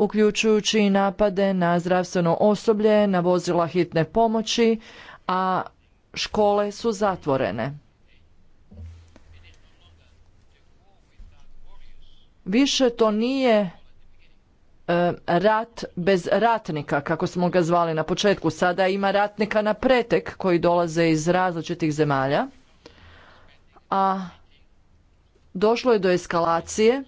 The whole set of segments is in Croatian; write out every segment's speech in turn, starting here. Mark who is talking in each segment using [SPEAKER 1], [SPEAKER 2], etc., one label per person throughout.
[SPEAKER 1] uključujući i napade na zdravstveno osoblje, na vozila hitne pomoći, a škole su zatvorene. Više to nije e, rat bez ratnika, kako smo ga zvali na početku. Sada ima ratnika na pretek koji dolaze iz različitih zemalja. A došlo je do eskalacije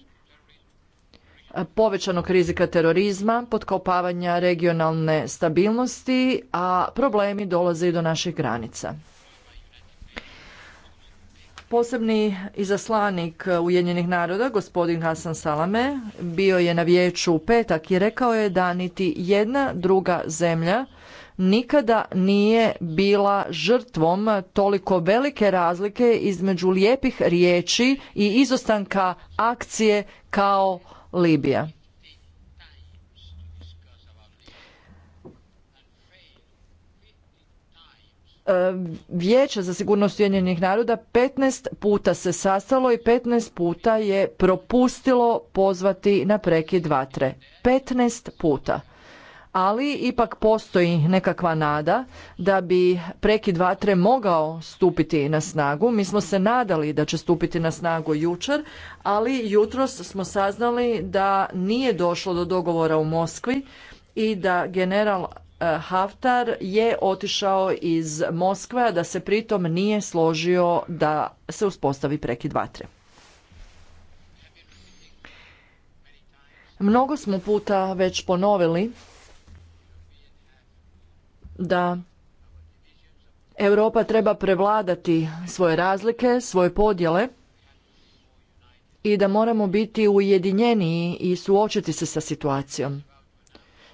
[SPEAKER 1] povećanog rizika terorizma, potkopavanja regionalne stabilnosti, a problemi dolaze i do naših granica. Posebni izaslanik Ujedinjenih naroda, gospodin Hasan Salame, bio je na vijeću u petak i rekao je da niti jedna druga zemlja nikada nije bila žrtvom toliko velike razlike između lijepih riječi i izostanka akcije kao Libija. E, Vijeće za sigurnost Ujedinjenih naroda 15 puta se sastalo i 15 puta je propustilo pozvati na prekid vatre. 15 puta ali ipak postoji nekakva nada da bi prekid vatre mogao stupiti na snagu. Mi smo se nadali da će stupiti na snagu jučer, ali jutros smo saznali da nije došlo do dogovora u Moskvi i da general e, Haftar je otišao iz Moskve, a da se pritom nije složio da se uspostavi prekid vatre. Mnogo smo puta već ponovili da Europa treba prevladati svoje razlike, svoje podjele i da moramo biti ujedinjeniji i suočiti se sa situacijom.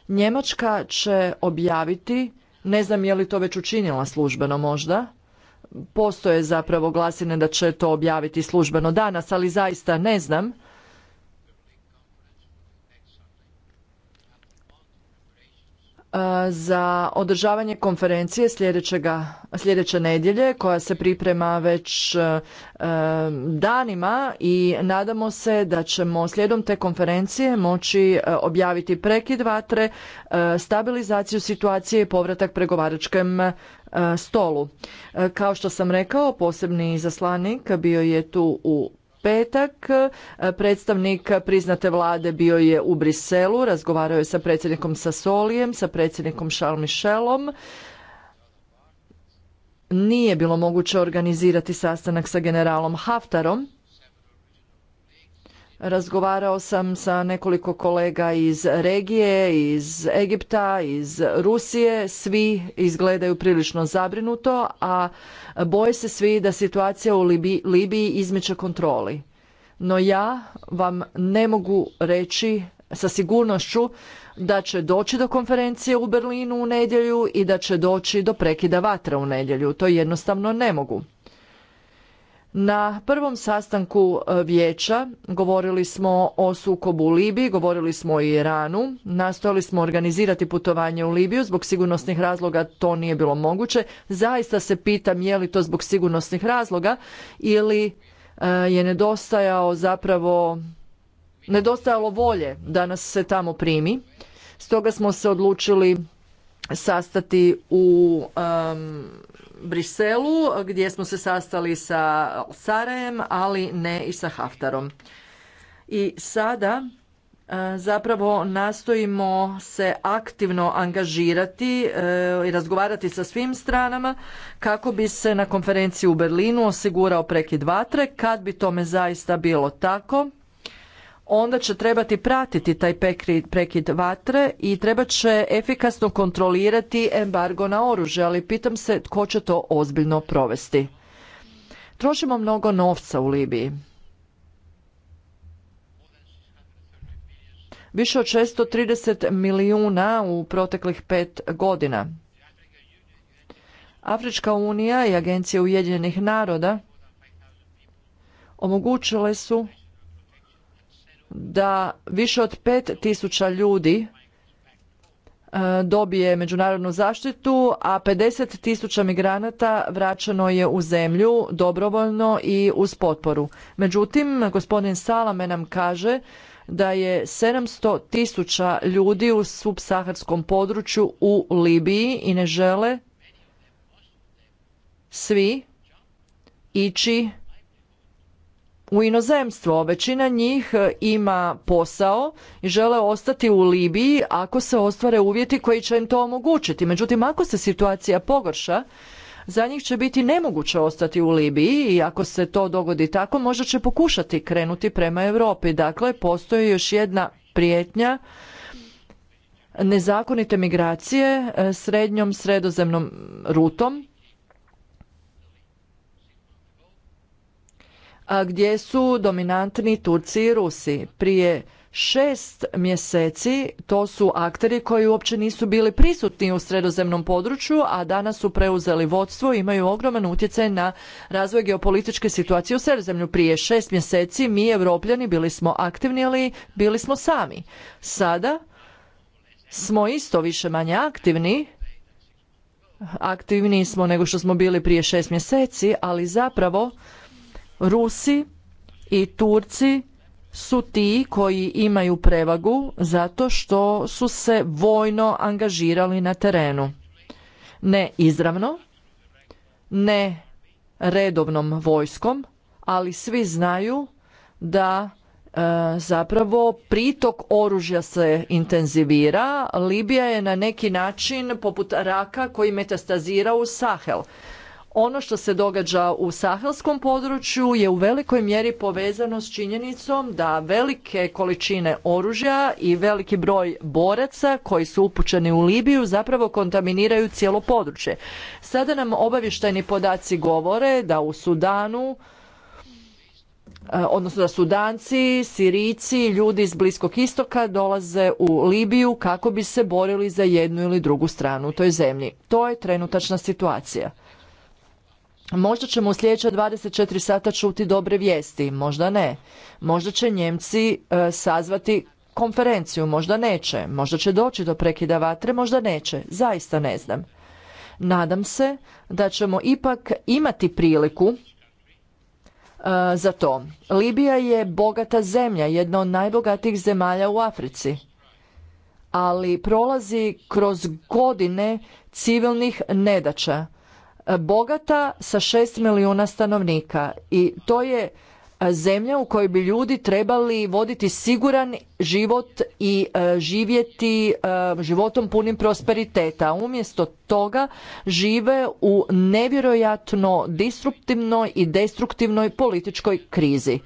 [SPEAKER 1] Njemačka će objaviti, ne znam je li to već učinila službeno možda, postoje zapravo glasine da će to objaviti službeno danas, ali zaista ne znam, E, za održavanje konferencije sljedeće nedjelje koja se priprema već e, e, danima i nadamo se da ćemo slijedom te konferencije moći objaviti prekid vatre, stabilizaciju situacije i povratak pregovaračkem stolu. Kao što sam rekao, posebni zaslanik bio je tu u petak. Predstavnik priznate vlade bio je u Briselu, razgovarao je sa predsjednikom Sasolijem, sa predsjednikom Charles Michelom. Nije bilo moguće organizirati sastanak sa generalom Haftarom, Razgovarao sam sa nekoliko kolega iz regije, iz Egipta, iz Rusije. Svi izgledaju prilično zabrinuto, a boje se svi da situacija u Libiji, izmiče kontroli. No ja vam ne mogu reći sa sigurnošću da će doći do konferencije u Berlinu u nedjelju i da će doći do prekida vatra u nedjelju. To jednostavno ne mogu. Na prvom sastanku e, vijeća govorili smo o sukobu u Libiji, govorili smo o Iranu, nastojali smo organizirati putovanje u Libiju, zbog sigurnosnih razloga to nije bilo moguće. Zaista se pitam je li to zbog sigurnosnih razloga ili e, je nedostajao zapravo nedostajalo volje da nas se tamo primi. Stoga smo se odlučili sastati u Briselu gdje smo se sastali sa Sarajem, ali ne i sa Haftarom. I sada eh, zapravo nastojimo se aktivno angažirati eh, i razgovarati sa svim stranama kako bi se na konferenciji u Berlinu osigurao prekid vatre. Kad bi tome zaista bilo tako, onda će trebati pratiti taj prekid vatre i treba će efikasno kontrolirati embargo na oružje, ali pitam se tko će to ozbiljno provesti. Trošimo mnogo novca u Libiji. Više od 630 milijuna u proteklih pet godina. Afrička unija i Agencija Ujedinjenih naroda omogućile su da više od tisuća ljudi e, dobije međunarodnu zaštitu, a 50 tisuća migranata vraćeno je u zemlju dobrovoljno i uz potporu. Međutim, gospodin Salame nam kaže da je 700 tisuća ljudi u subsaharskom području u Libiji i ne žele svi ići u inozemstvo. Većina njih e, ima posao i žele ostati u Libiji ako se ostvare uvjeti koji će im to omogućiti. Međutim, ako se situacija pogorša, za njih će biti nemoguće ostati u Libiji i ako se to dogodi tako, možda će pokušati krenuti prema Europi. Dakle, postoji još jedna prijetnja nezakonite migracije e, srednjom sredozemnom rutom gdje su dominantni Turci i Rusi. Prije šest mjeseci to su akteri koji uopće nisu bili prisutni u sredozemnom području, a danas su preuzeli vodstvo i imaju ogroman utjecaj na razvoj geopolitičke situacije u sredozemlju. Prije šest mjeseci mi Evropljani bili smo aktivni, ali bili smo sami. Sada smo isto više manje aktivni, aktivniji smo nego što smo bili prije šest mjeseci, ali zapravo Rusi i Turci su ti koji imaju prevagu zato što su se vojno angažirali na terenu. Ne izravno, ne redovnom vojskom, ali svi znaju da e, zapravo pritok oružja se intenzivira. Libija je na neki način poput raka koji metastazira u Sahel ono što se događa u sahelskom području je u velikoj mjeri povezano s činjenicom da velike količine oružja i veliki broj boraca koji su upućeni u Libiju zapravo kontaminiraju cijelo područje. Sada nam obavještajni podaci govore da u Sudanu eh, odnosno da Sudanci, Sirijci, ljudi iz Bliskog istoka dolaze u Libiju kako bi se borili za jednu ili drugu stranu u toj zemlji. To je trenutačna situacija. Možda ćemo u sljedeća 24 sata čuti dobre vijesti, možda ne. Možda će Njemci e, sazvati konferenciju, možda neće. Možda će doći do prekida vatre, možda neće. Zaista ne znam. Nadam se da ćemo ipak imati priliku e, za to. Libija je bogata zemlja, jedna od najbogatijih zemalja u Africi. Ali prolazi kroz godine civilnih nedaća bogata sa šest milijuna stanovnika i to je e, zemlja u kojoj bi ljudi trebali voditi siguran život i e, živjeti e, životom punim prosperiteta. Umjesto toga žive u nevjerojatno disruptivnoj i destruktivnoj političkoj krizi.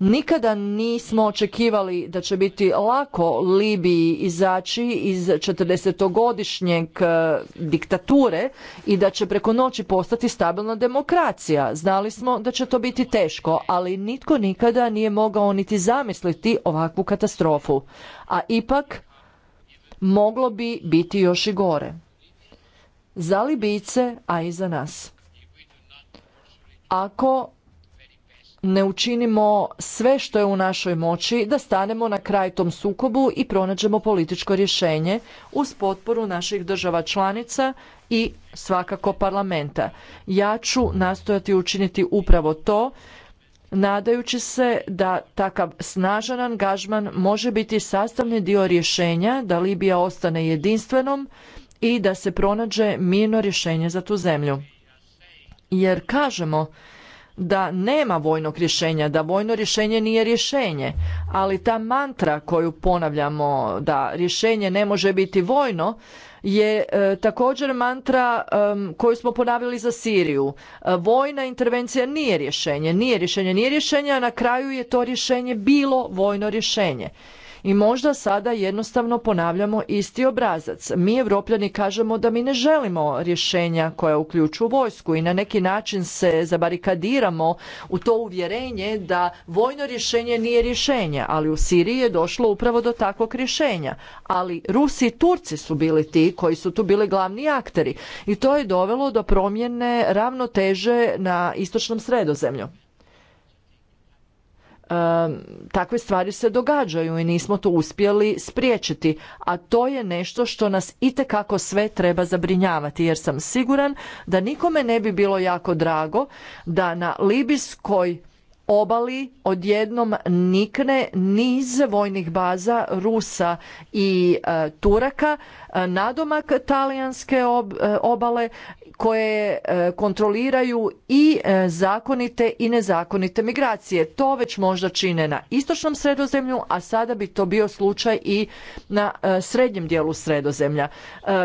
[SPEAKER 1] Nikada nismo očekivali da će biti lako Libiji izaći iz 40-godišnjeg e, diktature i da će preko noći postati stabilna demokracija. Znali smo da će to biti teško, ali nitko nikada nije mogao niti zamisliti ovakvu katastrofu. A ipak moglo bi biti još i gore. Za Libijce, a i za nas. Ako ne učinimo sve što je u našoj moći da stanemo na kraj tom sukobu i pronađemo političko rješenje uz potporu naših država članica i svakako parlamenta. Ja ću nastojati učiniti upravo to nadajući se da takav snažan angažman može biti sastavni dio rješenja da Libija ostane jedinstvenom i da se pronađe mirno rješenje za tu zemlju. Jer kažemo da nema vojnog rješenja, da vojno rješenje nije rješenje, ali ta mantra koju ponavljamo da rješenje ne može biti vojno je e, također mantra koju smo ponavili za Siriju. E, vojna intervencija nije rješenje, nije rješenje, nije rješenje, a na kraju je to rješenje bilo vojno rješenje. I možda sada jednostavno ponavljamo isti obrazac. Mi Evropljani kažemo da mi ne želimo rješenja koja uključuju vojsku i na neki način se zabarikadiramo u to uvjerenje da vojno rješenje nije rješenje, ali u Siriji je došlo upravo do takvog rješenja. Ali Rusi i Turci su bili ti koji su tu bili glavni akteri i to je dovelo do promjene ravnoteže na istočnom sredozemlju takve stvari se događaju i nismo to uspjeli spriječiti, a to je nešto što nas itekako sve treba zabrinjavati jer sam siguran da nikome ne bi bilo jako drago da na libijskoj obali odjednom nikne niz vojnih baza Rusa i e, Turaka, e, nadomak talijanske e, obale koje e, kontroliraju i e, zakonite i nezakonite migracije. To već možda čine na istočnom sredozemlju, a sada bi to bio slučaj i na e, srednjem dijelu sredozemlja.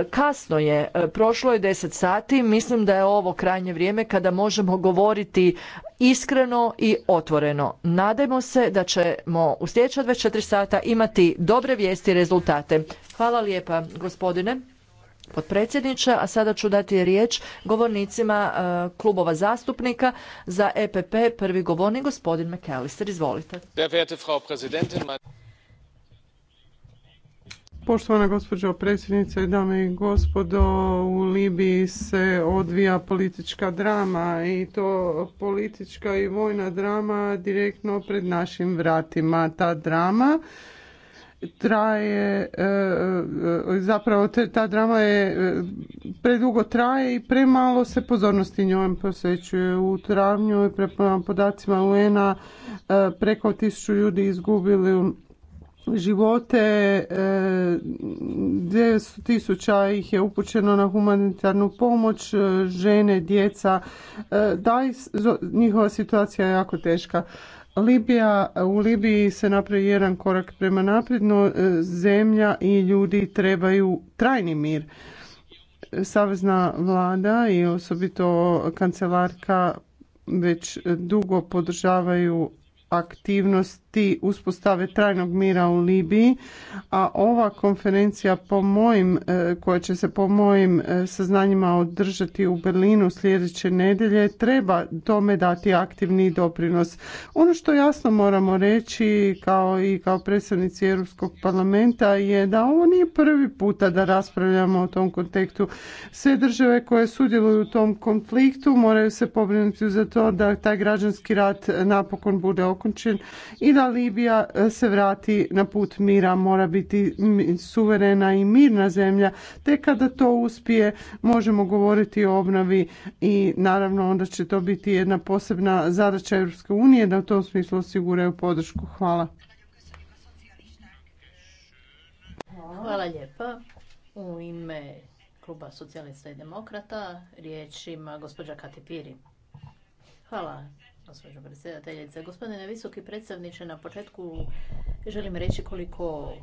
[SPEAKER 1] Kasno je, prošlo je 10 sati, mislim da je ovo krajnje vrijeme kada možemo govoriti iskreno i otvoreno. Nadajmo se da ćemo u sljedeća 24 sata imati dobre vijesti i rezultate. Hvala lijepa gospodine potpredsjedniče, a sada ću dati riječ govornicima e, klubova zastupnika za EPP. Prvi govornik, gospodin
[SPEAKER 2] McAllister, izvolite.
[SPEAKER 3] Poštovana gospođo predsjednice, dame i gospodo, u Libiji se odvija politička drama i to politička i vojna drama direktno pred našim vratima. Ta drama traje, e, e, zapravo ta drama je e, predugo traje i premalo se pozornosti njoj posvećuje. U travnju i prema podacima UN-a preko tisuću ljudi izgubili živote, 900 tisuća ih je upućeno na humanitarnu pomoć, žene, djeca, da njihova situacija je jako teška. Libija, u Libiji se napravi jedan korak prema naprijed, e, zemlja i ljudi trebaju trajni mir. Savezna vlada i osobito kancelarka već dugo podržavaju aktivnosti uspostave trajnog mira u Libiji, a ova konferencija po mojim, e, koja će se po mojim e, saznanjima održati u Berlinu sljedeće nedelje, treba tome dati aktivni doprinos. Ono što jasno moramo reći kao i kao predstavnici Europskog parlamenta je da ovo nije prvi puta da raspravljamo o tom kontekstu. Sve države koje sudjeluju u tom konfliktu moraju se pobrinuti za to da taj građanski rat napokon bude okončen i da Libija e, se vrati na put mira, mora biti suverena i mirna zemlja, te kada to uspije možemo govoriti o obnovi i naravno onda će to biti jedna posebna zadaća Europske unije da u tom smislu osiguraju podršku. Hvala.
[SPEAKER 4] Hvala lijepa. U ime kluba socijalista i demokrata riječ ima gospođa Kati Piri. Hvala gospođo predsjedateljice. Gospodine visoki predstavniče, na početku želim reći koliko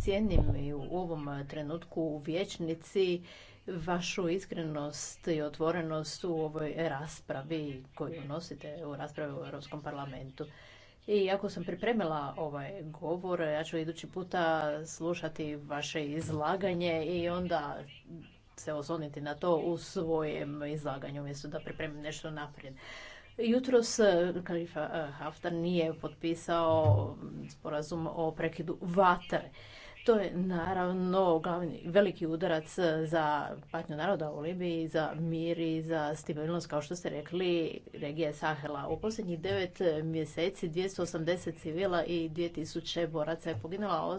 [SPEAKER 4] cijenim i u ovom trenutku u vječnici vašu iskrenost i otvorenost u ovoj raspravi koju nosite u raspravi u Europskom parlamentu. I ako sam pripremila ovaj govor, ja ću idući puta slušati vaše izlaganje i onda se osloniti na to u svojem izlaganju, umjesto da pripremim nešto naprijed. Jutros e, Kalifa e, Haftar nije potpisao sporazum o prekidu vatre. To je naravno glavni, veliki udarac e, za patnju naroda u Libiji, za mir i za stabilnost, kao što ste rekli, regije Sahela. U posljednjih devet mjeseci 280 civila i 2000 boraca je poginula, a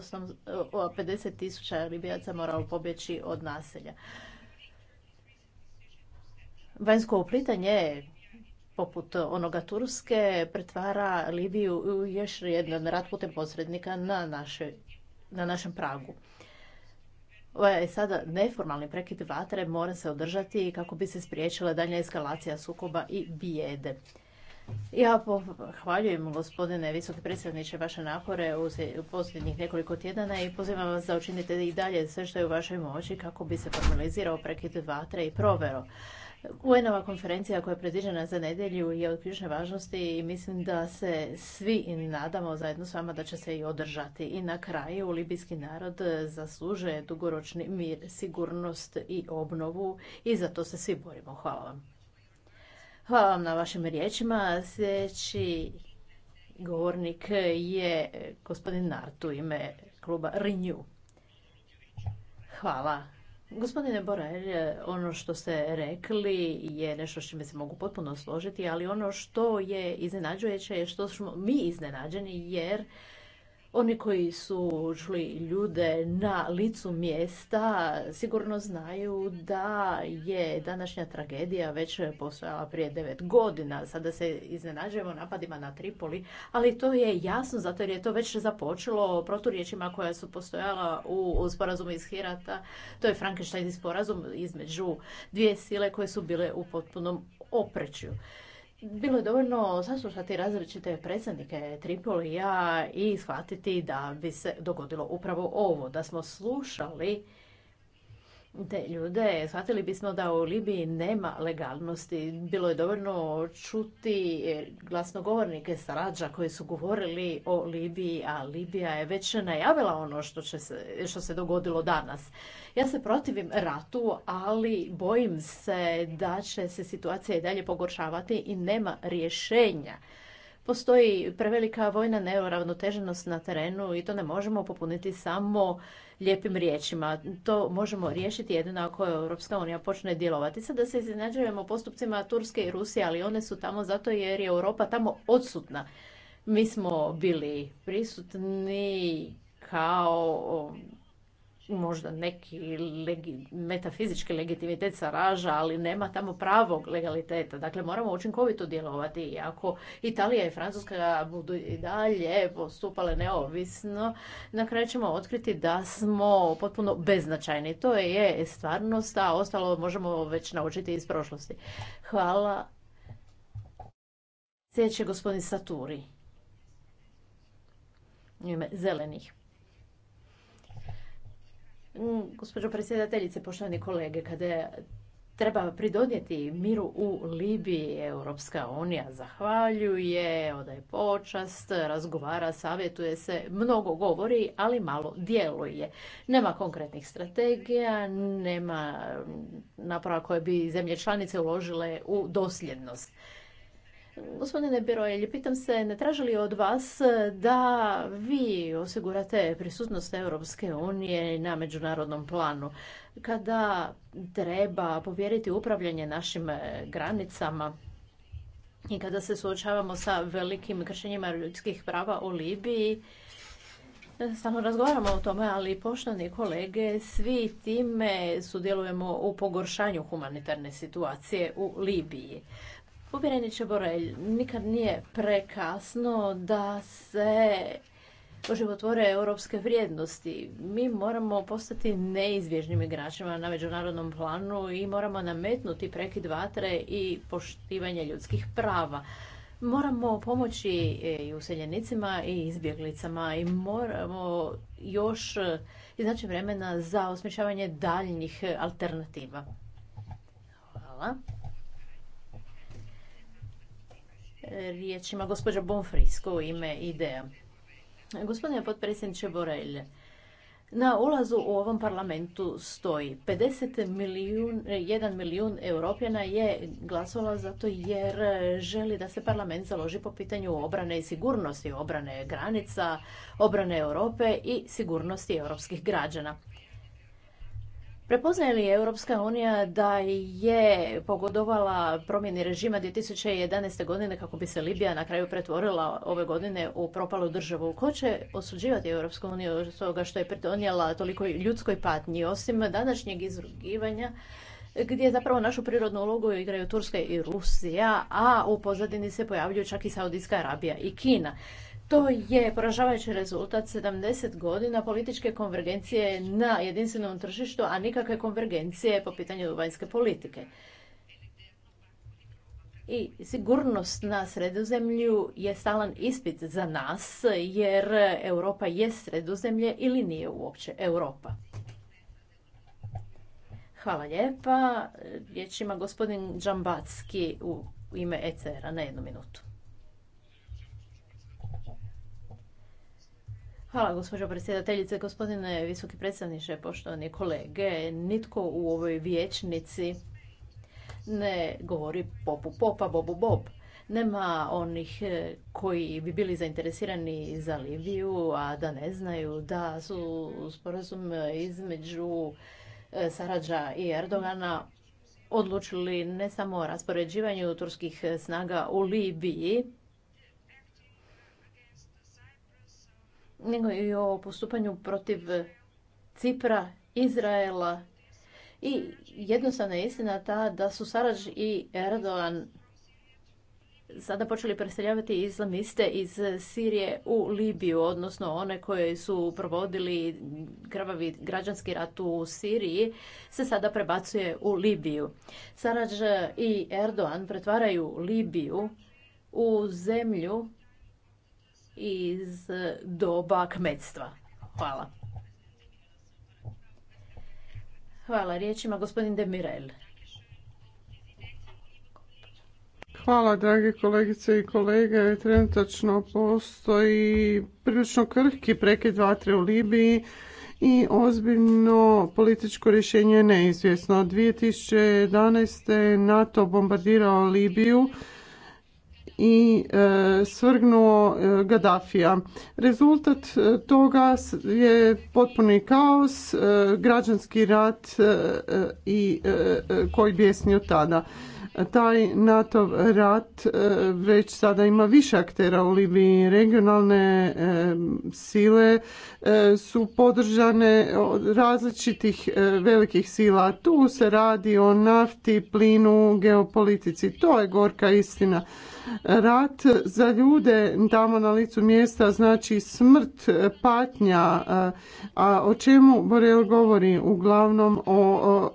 [SPEAKER 4] 50 tisuća Libijaca moralo pobjeći od naselja. Vanjsko oplitanje poput onoga Turske, pretvara Libiju u još jedan rat putem posrednika na, naše, na našem pragu. Ovaj sada neformalni prekid vatre mora se održati kako bi se spriječila daljnja eskalacija sukoba i bijede. Ja pohvaljujem gospodine visoki predsjedniče vaše napore u posljednjih nekoliko tjedana i pozivam vas da učinite i dalje sve što je u vašoj moći kako bi se formalizirao prekid vatre i provero un konferencija koja je predviđena za nedjelju je od ključne važnosti i mislim da se svi nadamo zajedno s vama da će se i održati. I na kraju libijski narod zaslužuje dugoročni mir, sigurnost i obnovu i za to se svi borimo. Hvala vam. Hvala vam na vašim riječima. Sljedeći govornik je gospodin Nart u ime kluba Renew. Hvala Gospodine Borel, ono što ste rekli je nešto s čime se mogu potpuno složiti, ali ono što je iznenađujuće je što smo mi iznenađeni jer oni koji su čuli ljude na licu mjesta sigurno znaju da je današnja tragedija već postojala prije devet godina. Sada se iznenađujemo napadima na Tripoli, ali to je jasno zato jer je to već započelo proturječima koja su postojala u sporazumu iz Hirata. To je Frankenstein sporazum između dvije sile koje su bile u potpunom oprečju bilo je dovoljno saslušati različite predsjednike Tripolija i shvatiti da bi se dogodilo upravo ovo, da smo slušali te ljude, shvatili bismo da u Libiji nema legalnosti. Bilo je dovoljno čuti glasnogovornike Sarađa koji su govorili o Libiji, a Libija je već najavila ono što, će se, što se dogodilo danas. Ja se protivim ratu, ali bojim se da će se situacija i dalje pogoršavati i nema rješenja postoji prevelika vojna neuravnoteženost na terenu i to ne možemo popuniti samo lijepim riječima. To možemo riješiti jedino ako je Europska unija počne djelovati. Sada se iznenađujemo postupcima Turske i Rusije, ali one su tamo zato jer je Europa tamo odsutna. Mi smo bili prisutni kao možda neki legi, metafizički legitimitet Saraža, ali nema tamo pravog legaliteta. Dakle, moramo učinkovito djelovati. I ako Italija i Francuska budu i dalje postupale neovisno, na kraju ćemo otkriti da smo potpuno beznačajni. To je stvarnost, a ostalo možemo već naučiti iz prošlosti. Hvala. Sljedeći gospodin Saturi. U ime zelenih. Gospođo predsjedateljice, poštovani kolege, kada treba pridonijeti miru u Libiji, Europska unija zahvaljuje, odaje počast, razgovara, savjetuje se, mnogo govori, ali malo djeluje. Nema konkretnih strategija, nema naprava koje bi zemlje članice uložile u dosljednost. Gospodine Birojelj, pitam se, ne traži li od vas e, da vi osigurate prisutnost Europske unije na međunarodnom planu kada treba povjeriti upravljanje našim e, granicama i kada se suočavamo sa velikim kršenjima ljudskih prava u Libiji, e, Samo razgovaramo o tome, ali poštovani kolege, svi time sudjelujemo u pogoršanju humanitarne situacije u Libiji. Povjereniče Borelj, nikad nije prekasno da se oživotvore europske vrijednosti. Mi moramo postati neizbježnim igračima na međunarodnom planu i moramo nametnuti prekid vatre i poštivanje ljudskih prava. Moramo pomoći e, i useljenicima i izbjeglicama i moramo još e, iznaći vremena za osmišljavanje daljnjih alternativa. Hvala. ima gospođa Bonfrisko u ime IDEA. Gospodine potpredsjedniče Borelje, na ulazu u ovom parlamentu stoji 50 milijun, 1 milijun europljana je glasovala zato jer želi da se parlament založi po pitanju obrane i sigurnosti, obrane granica, obrane Europe i sigurnosti europskih građana. Prepoznaje li Europska unija da je pogodovala promjeni režima 2011. godine kako bi se Libija na kraju pretvorila ove godine u propalu državu? Ko će osuđivati Europsku uniju od toga što je pridonijela toliko ljudskoj patnji, osim današnjeg izrugivanja gdje zapravo našu prirodnu ulogu igraju Turska i Rusija, a u pozadini se pojavljuju čak i Saudijska Arabija i Kina. To je poražavajući rezultat 70 godina političke konvergencije na jedinstvenom tržištu, a nikakve konvergencije po pitanju vanjske politike. I sigurnost na sredozemlju je stalan ispit za nas, jer Europa je sredozemlje ili nije uopće Europa. Hvala lijepa. Riječ ima gospodin Džambacki u ime ECR-a na jednu minutu. Hvala gospođo predsjedateljice, gospodine visoki predsjedniče, poštovani kolege. Nitko u ovoj vijećnici ne govori popu popa, bobu bob. Nema onih eh, koji bi bili zainteresirani za Libiju, a da ne znaju da su sporazum između eh, Sarađa i Erdogana odlučili ne samo o raspoređivanju turskih snaga u Libiji, nego i o postupanju protiv Cipra, Izraela. I jednostavna je istina ta da su Sarađ i Erdogan sada počeli preseljavati islamiste iz Sirije u Libiju, odnosno one koje su provodili krvavi građanski rat u Siriji, se sada prebacuje u Libiju. Sarađ i Erdogan pretvaraju Libiju u zemlju iz e, doba kmetstva. Hvala. Hvala. Riječ ima gospodin Demirel.
[SPEAKER 3] Hvala, drage kolegice i kolege. Trenutačno postoji prilično krhki prekid vatre u Libiji i ozbiljno političko rješenje je neizvjesno. 2011. NATO bombardirao Libiju i e, svrgnuo e, Gaddafija. Rezultat e, toga je potpuni kaos, građanski rat i koji od tada. Taj NATO rat već sada ima više aktera u Libiji. Regionalne sile su podržane od različitih velikih sila. Tu se radi o nafti, plinu, geopolitici. To je gorka istina. Rat za ljude tamo na licu mjesta znači smrt, patnja. A o čemu Borel govori? Uglavnom o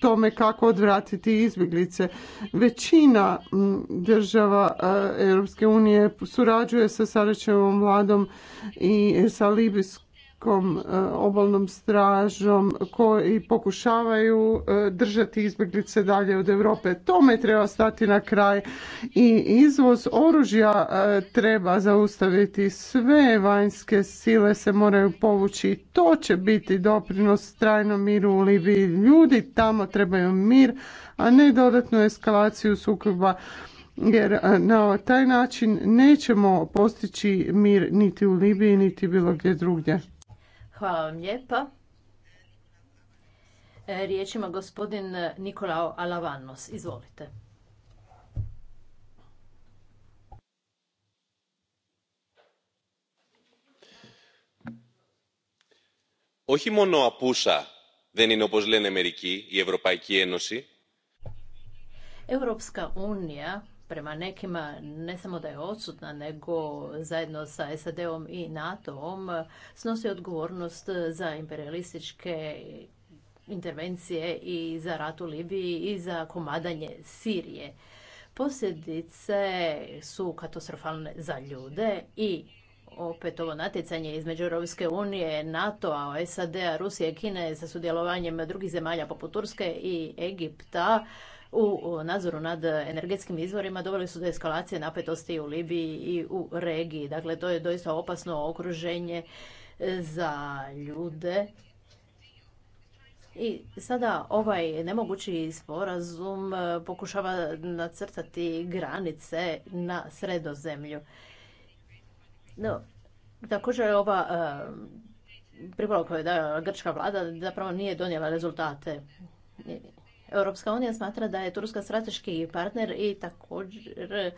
[SPEAKER 3] tome kako odvratiti izbjeglice. Većina država Europske unije surađuje sa Sarajevom vladom i sa Libijskom kom e, obalnom stražom koji pokušavaju e, držati izbjeglice dalje od Europe. Tome treba stati na kraj i izvoz oružja e, treba zaustaviti. Sve vanjske sile se moraju povući. To će biti doprinos trajnom miru u Libiji. Ljudi tamo trebaju mir, a ne dodatnu eskalaciju sukoba jer na taj način nećemo postići mir niti u Libiji niti bilo gdje drugdje.
[SPEAKER 4] Hvala vam lijepa. Riječ ima gospodin Nikolao Alavanos. Izvolite.
[SPEAKER 5] Όχι μόνο απούσα δεν είναι όπως λένε μερικοί η Ευρωπαϊκή Ένωση.
[SPEAKER 4] Ευρωπαϊκή Ένωση prema nekima ne samo da je odsutna, nego zajedno sa SAD-om i NATO-om snosi odgovornost za imperialističke intervencije i za rat u Libiji i za komadanje Sirije. Posljedice su katastrofalne za ljude i opet ovo natjecanje između Europske unije, NATO-a, SAD-a, Rusije, Kine sa sudjelovanjem drugih zemalja poput Turske i Egipta u nadzoru nad energetskim izvorima doveli su do eskalacije napetosti u Libiji i u regiji. Dakle, to je doista opasno okruženje e, za ljude. I sada ovaj nemogući sporazum e, pokušava nacrtati granice na sredozemlju. No, također ova e, pripola koju je grčka vlada zapravo nije donijela rezultate. Europska unija smatra da je Turska strateški partner i također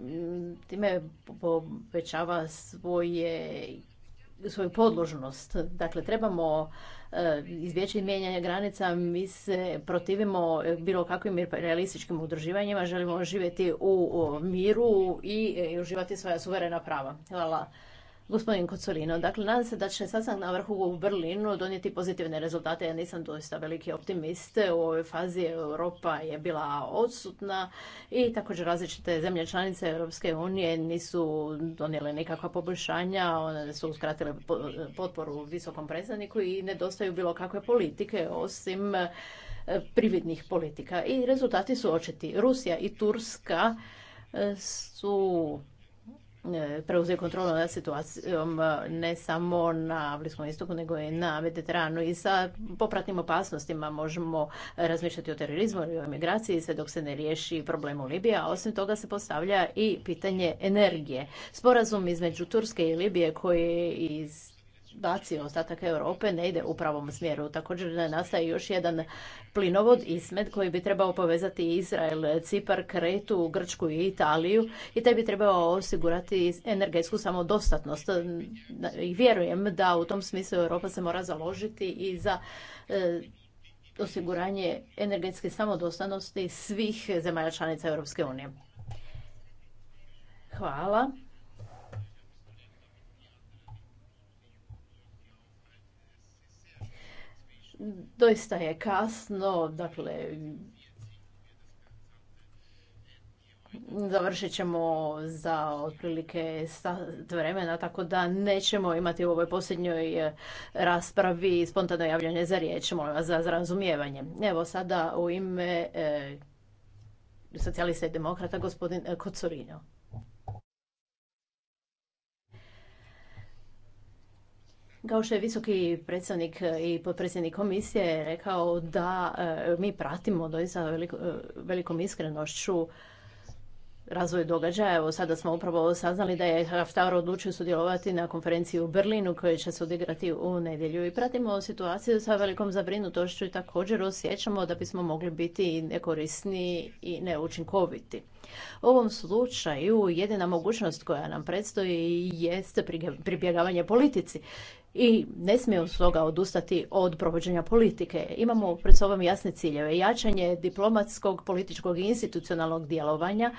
[SPEAKER 4] mm, time povećava svoje svoju podložnost. Dakle, trebamo e, izbjeći mijenjanje granica, mi se protivimo bilo kakvim realističkim udruživanjima, želimo živjeti u miru i uživati svoja suverena prava. Hvala gospodin Kocorino, Dakle, nadam se da će sasnog na vrhu u Berlinu donijeti pozitivne rezultate. Ja nisam doista veliki optimist. U ovoj fazi Europa je bila odsutna i također različite zemlje članice Europske unije nisu donijele nikakva poboljšanja. One su uskratile potporu visokom predstavniku i nedostaju bilo kakve politike osim e, prividnih politika. I rezultati su očiti. Rusija i Turska e, su E, preuzeo kontrolu nad situacijom e, ne samo na Bliskom istoku, nego i na Mediteranu i sa popratnim opasnostima možemo razmišljati o terorizmu i o emigraciji sve dok se ne riješi problem u Libiji, a osim toga se postavlja i pitanje energije. Sporazum između Turske i Libije koji iz Baci ostatak Europe ne ide u pravom smjeru. Također nastaje još jedan plinovod smet koji bi trebao povezati Izrael, Cipar, Kretu, Grčku i Italiju i taj bi trebao osigurati energetsku samodostatnost. vjerujem da u tom smislu Europa se mora založiti i za e, osiguranje energetske samodostanosti svih zemalja članica Europske unije. Hvala. doista je kasno, dakle završit ćemo za otprilike sat vremena, tako da nećemo imati u ovoj posljednjoj e, raspravi spontano javljanje za riječ, molim vas za razumijevanje. Evo sada u ime e, socijalista i demokrata gospodin e, Kocorino. Kao što je visoki predstavnik e, i potpredsjednik komisije rekao da e, mi pratimo doista e, velikom iskrenošću razvoj događaja. Evo sada smo upravo saznali da je Haftar odlučio sudjelovati na konferenciji u Berlinu koja će se odigrati u nedjelju i pratimo situaciju sa velikom zabrinutošću i također osjećamo da bismo mogli biti nekorisni i neučinkoviti. U ovom slučaju jedina mogućnost koja nam predstoji jeste pribjegavanje politici i ne smije od toga odustati od provođenja politike. Imamo pred sobom jasne ciljeve. Jačanje diplomatskog, političkog i institucionalnog djelovanja,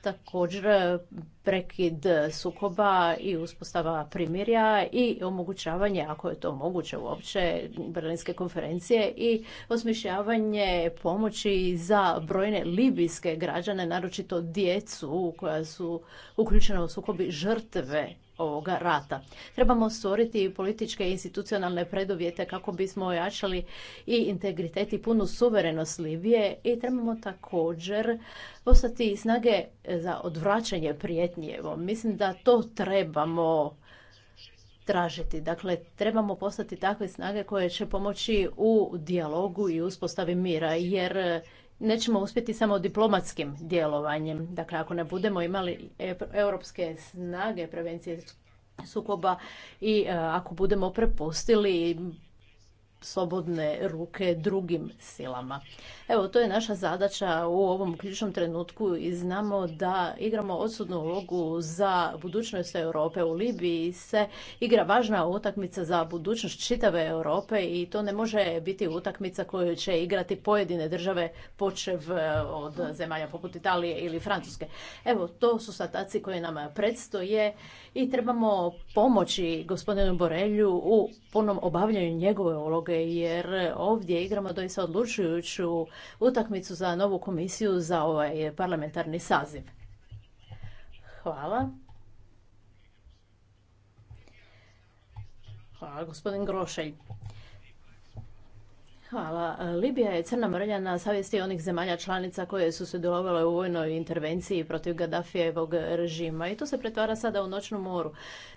[SPEAKER 4] također e, prekid sukoba i uspostava primirja i omogućavanje, ako je to moguće uopće, Berlinske konferencije i osmišljavanje pomoći za brojne libijske građane, naročito djecu koja su uključena u sukobi žrtve ovoga rata. Trebamo stvoriti političke i institucionalne preduvjete kako bismo ojačali i integritet i punu suverenost Libije i trebamo također postati snage za odvraćanje prijetnje. Mislim da to trebamo tražiti. Dakle, trebamo postati takve snage koje će pomoći u dijalogu i uspostavi mira, jer nećemo uspjeti samo diplomatskim djelovanjem. Dakle, ako ne budemo imali europske snage prevencije sukoba i e, ako budemo prepustili slobodne ruke drugim silama. Evo, to je naša zadaća u ovom ključnom trenutku i znamo da igramo odsudnu ulogu za budućnost Europe. U Libiji se igra važna utakmica za budućnost čitave Europe i to ne može biti utakmica koju će igrati pojedine države počev e, od zemalja poput Italije ili Francuske. Evo, to su sataci koje nam predstoje i trebamo pomoći gospodinu Borelju u ponom obavljanju njegove uloge jer ovdje igramo doista odlučujuću utakmicu za novu komisiju za ovaj parlamentarni saziv. Hvala. Hvala, gospodin Grošelj. Hvala. E, Libija je crna mrlja na savjesti onih zemalja članica koje su se u vojnoj intervenciji protiv Gaddafijevog režima i to se pretvara sada u noćnu moru.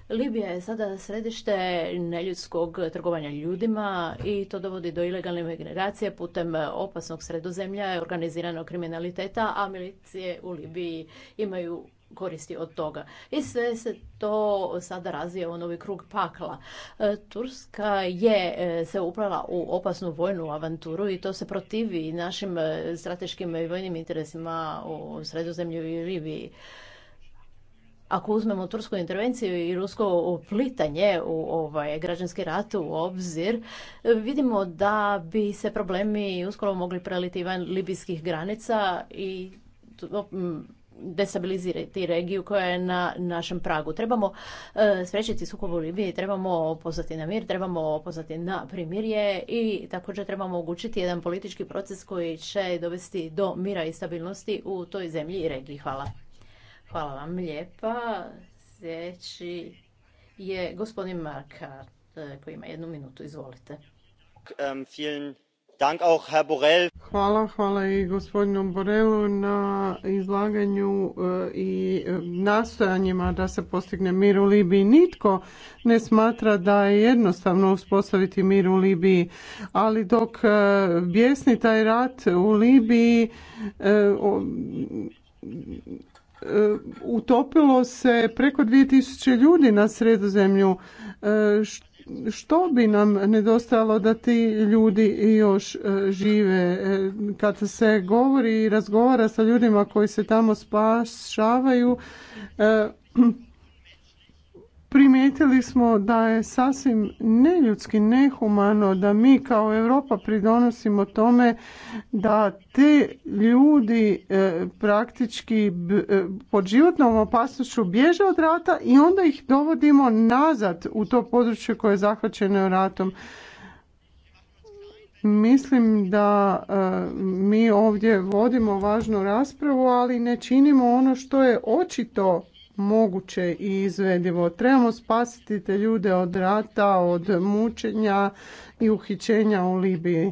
[SPEAKER 4] Libija je sada središte neljudskog trgovanja ljudima i to dovodi do ilegalne migracije putem opasnog sredozemlja, organiziranog kriminaliteta, a milicije u Libiji imaju koristi od toga. I sve se to sada razvija u novi krug pakla. E, Turska je e, se uprala u opasnu vojnu avanturu i to se protivi našim e, strateškim i vojnim interesima u Sredozemlju i Libiji. Ako uzmemo tursku intervenciju i rusko uplitanje u ovaj građanski rat u obzir, vidimo da bi se problemi uskoro mogli preliti van libijskih granica i destabilizirati regiju koja je na našem pragu. Trebamo e, sprečiti sukob u Libiji, trebamo pozvati na mir, trebamo pozvati na primirje i također trebamo omogućiti jedan politički proces koji će dovesti do mira i stabilnosti u toj zemlji i regiji. Hvala. Hvala vam lijepa. Sljedeći je gospodin Marka e, koji ima jednu minutu. Izvolite.
[SPEAKER 3] Hvala, hvala i gospodinu Borelu na izlaganju e, i e, nastojanjima da se postigne mir u Libiji. Nitko ne smatra da je jednostavno uspostaviti mir u Libiji, ali dok e, bjesni taj rat u Libiji utopilo se preko 2000 ljudi na sredozemlju što što bi nam nedostajalo da ti ljudi još e, žive? E, kad se govori i razgovara sa ljudima koji se tamo spašavaju, e, primijetili smo da je sasvim neljudski, nehumano da mi kao Europa pridonosimo tome da te ljudi e, praktički e, pod životnom opasnošću bježe od rata i onda ih dovodimo nazad u to područje koje je zahvaćeno ratom. Mislim da e, mi ovdje vodimo važnu raspravu, ali ne činimo ono što je očito moguće i izvedivo. Trebamo spasiti te ljude od rata, od mučenja i uhićenja u Libiji.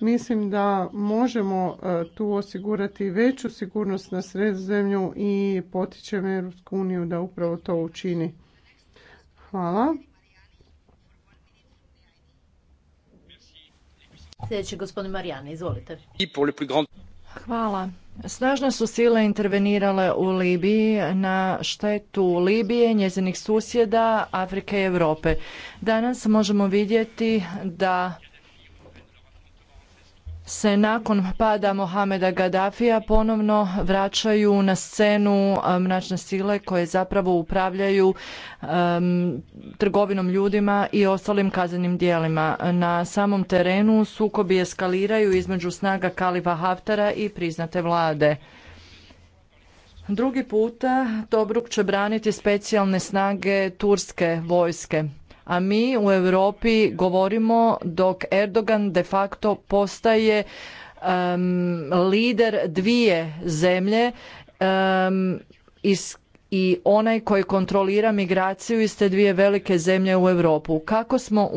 [SPEAKER 3] Mislim da možemo e, tu osigurati veću sigurnost na sredzemlju i potičem Europsku uniju da upravo to učini. Hvala.
[SPEAKER 4] Sljedeći gospodin izvolite.
[SPEAKER 1] Hvala. Snažne su sile intervenirale u Libiji na štetu Libije, njezinih susjeda, Afrike i Europe. Danas možemo vidjeti da se nakon pada Mohameda Gaddafija ponovno vraćaju na scenu um, mračne sile koje zapravo upravljaju um, trgovinom ljudima i ostalim kaznenim dijelima. Na samom terenu sukobi eskaliraju između snaga Kalifa Haftara i priznate vlade. Drugi puta Tobruk će braniti specijalne snage turske vojske a mi u Europi govorimo dok Erdogan de facto postaje lider dvije zemlje iz i onaj koji kontrolira migraciju iz te dvije velike zemlje u Europu. Kako smo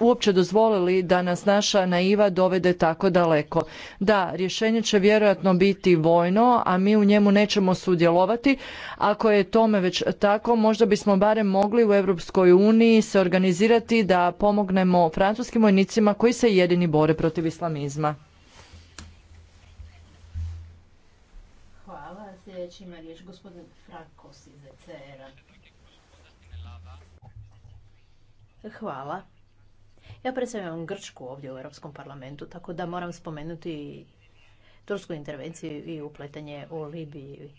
[SPEAKER 1] uopće dozvolili da nas naša naiva dovede tako daleko? Da, rješenje će vjerojatno biti vojno, a mi u njemu nećemo sudjelovati. Ako je tome već tako, možda bismo barem mogli u Europskoj uniji se organizirati da pomognemo francuskim vojnicima koji se jedini bore protiv islamizma.
[SPEAKER 4] Hvala. riječ Hvala. Ja predstavljam Grčku ovdje u Europskom parlamentu, tako da moram spomenuti tursku intervenciju i upletanje u Libiji.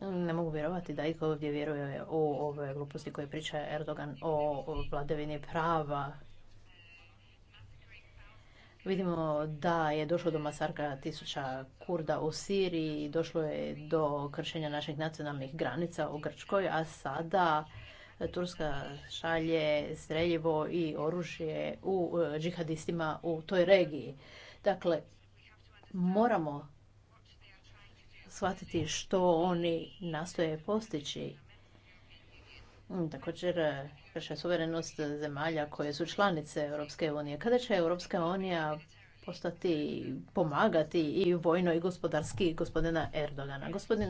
[SPEAKER 4] Ne mogu vjerovati da itko ovdje vjeruje u ove gluposti koje priča Erdogan o vladavini prava Vidimo da je došlo do masarka tisuća Kurda u Siriji, došlo je do kršenja naših nacionalnih granica u Grčkoj, a sada Turska šalje streljivo i oružje u e, džihadistima u toj regiji. Dakle, moramo shvatiti što oni nastoje postići Mm, također, e, krše suverenost zemalja koje su članice Europske unije. Kada će Europska unija postati, pomagati i vojno i gospodarski gospodina Erdogana. Gospodin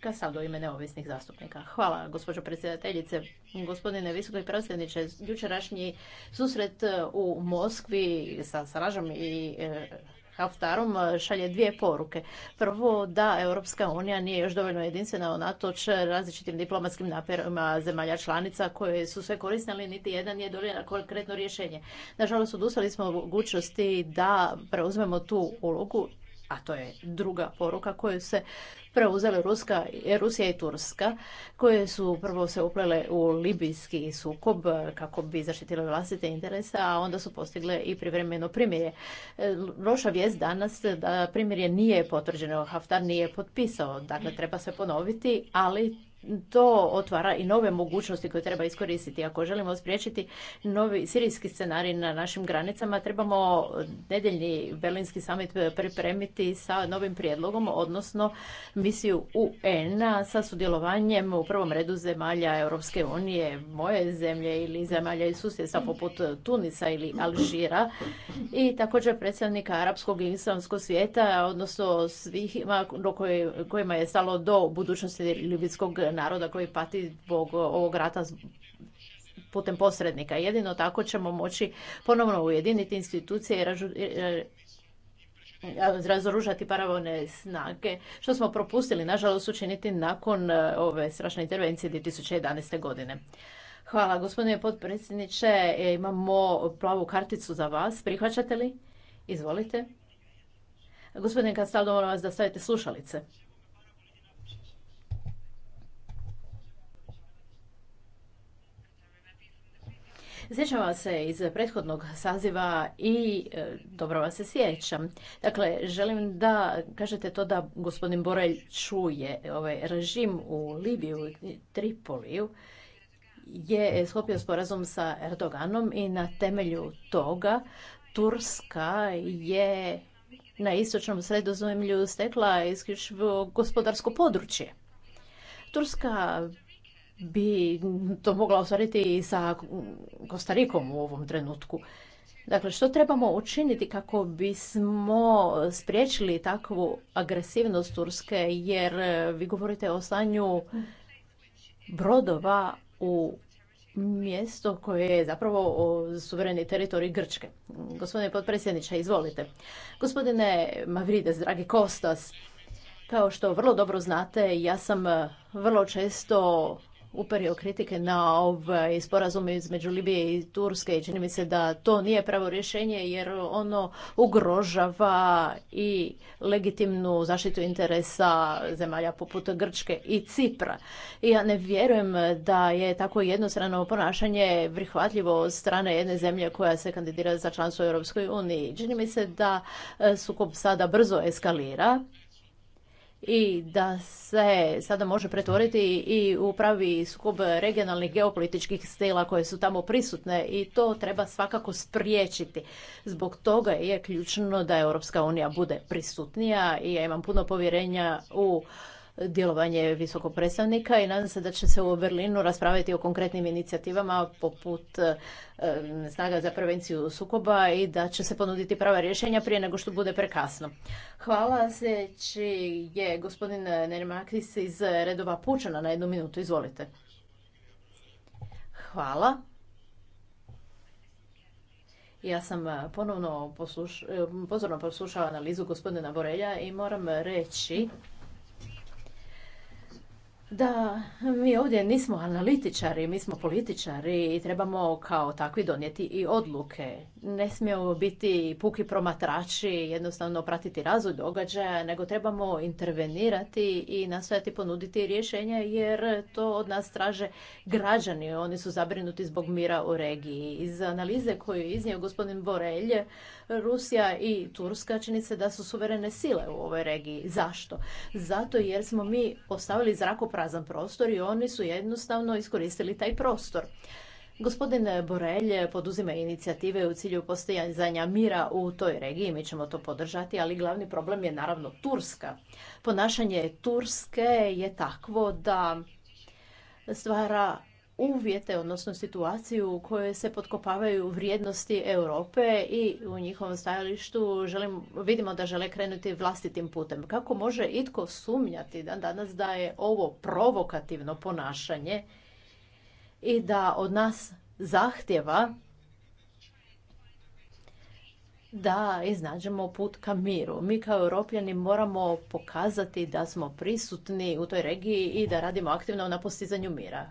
[SPEAKER 4] Kasado, e, ime neovisnih zastupnika. Hvala gospođo predsjedateljice. Gospodine visoki predsjedniče, jučerašnji susret e, u Moskvi sa Saražom i Haftarom e, šalje dvije poruke. Prvo, da Europska unija nije još dovoljno jedinstvena unatoč različitim diplomatskim naperima zemalja članica koje su sve korisne, niti jedan nije donijela konkretno rješenje. Nažalost, odustali smo mogućnosti da preuzmemo tu ulogu a to je druga poruka koju se preuzele Ruska, Rusija i Turska, koje su prvo se uplele u libijski sukob kako bi zaštitile vlastite interese, a onda su postigle i privremeno primjerje. E, loša vijest danas da primjerje nije potvrđeno, Haftar nije potpisao, dakle treba se ponoviti, ali to otvara i nove mogućnosti koje treba iskoristiti. Ako želimo spriječiti novi sirijski scenarij na našim granicama, trebamo nedeljni Berlinski samit pripremiti sa novim prijedlogom, odnosno misiju UN sa sudjelovanjem u prvom redu zemalja Europske unije, moje zemlje ili zemalja i susjedstva poput Tunisa ili Alžira i također predstavnika arapskog i islamskog svijeta, odnosno svih kojima je stalo do budućnosti libijskog naroda koji pati zbog ovog rata putem posrednika. Jedino tako ćemo moći ponovno ujediniti institucije i e, razoružati paravone snage, što smo propustili, nažalost, učiniti nakon e, ove strašne intervencije 2011. godine. Hvala, gospodine potpredsjedniče. E, imamo plavu karticu za vas. Prihvaćate li? Izvolite. Gospodine Kastal, vas da stavite slušalice. Sjećam vas se iz prethodnog saziva i e, dobro vas se sjećam. Dakle, želim da kažete to da gospodin Borelj čuje e, ovaj režim u Libiju, Tripoliju, je sklopio sporazum sa Erdoganom i na temelju toga Turska je na istočnom sredozemlju stekla isključivo gospodarsko područje. Turska bi to mogla ostvariti i sa Kostarikom u ovom trenutku. Dakle, što trebamo učiniti kako bismo spriječili takvu agresivnost Turske, jer eh, vi govorite o stanju brodova u mjesto koje je zapravo suvereni teritorij Grčke. Gospodine potpredsjedniče, izvolite. Gospodine Mavrides, dragi Kostas, kao što vrlo dobro znate, ja sam eh, vrlo često uperio kritike na ovaj sporazum između Libije i Turske i čini mi se da to nije pravo rješenje jer ono ugrožava i legitimnu zaštitu interesa zemalja poput Grčke i Cipra. I ja ne vjerujem da je tako jednostrano ponašanje prihvatljivo od strane jedne zemlje koja se kandidira za članstvo u Europskoj uniji. Čini mi se da sukob sada brzo eskalira i da se sada može pretvoriti i u pravi skup regionalnih geopolitičkih stila koje su tamo prisutne i to treba svakako spriječiti. Zbog toga je ključno da Europska unija bude prisutnija i ja imam puno povjerenja u djelovanje visokog predstavnika i nadam se da će se u Berlinu raspraviti o konkretnim inicijativama poput e, snaga za prevenciju sukoba i da će se ponuditi prava rješenja prije nego što bude prekasno. Hvala. Sljedeći je gospodin Nerimakis iz redova Pučana na jednu minutu. Izvolite. Hvala. Ja sam ponovno pozorno poslušala analizu gospodina Borelja i moram reći da, mi ovdje nismo analitičari, mi smo političari i trebamo kao takvi donijeti i odluke. Ne smijemo biti puki promatrači, jednostavno pratiti razvoj događaja, nego trebamo intervenirati i nastojati ponuditi rješenja jer to od nas traže građani. Oni su zabrinuti zbog mira u regiji. Iz analize koju je iznio gospodin Borelj, Rusija i Turska čini se da su suverene sile u ovoj regiji. Zašto? Zato jer smo mi ostavili zrakop prazan prostor i oni su jednostavno iskoristili taj prostor. Gospodin Borelj poduzima inicijative u cilju postojanja mira u toj regiji, mi ćemo to podržati, ali glavni problem je naravno Turska. Ponašanje Turske je takvo da stvara uvjete, odnosno situaciju u kojoj se potkopavaju vrijednosti Europe i u njihovom stajalištu želim, vidimo da žele krenuti vlastitim putem. Kako može itko sumnjati da danas da je ovo provokativno ponašanje i da od nas zahtjeva da iznađemo put ka miru. Mi kao europljani moramo pokazati da smo prisutni u toj regiji i da radimo aktivno na postizanju mira.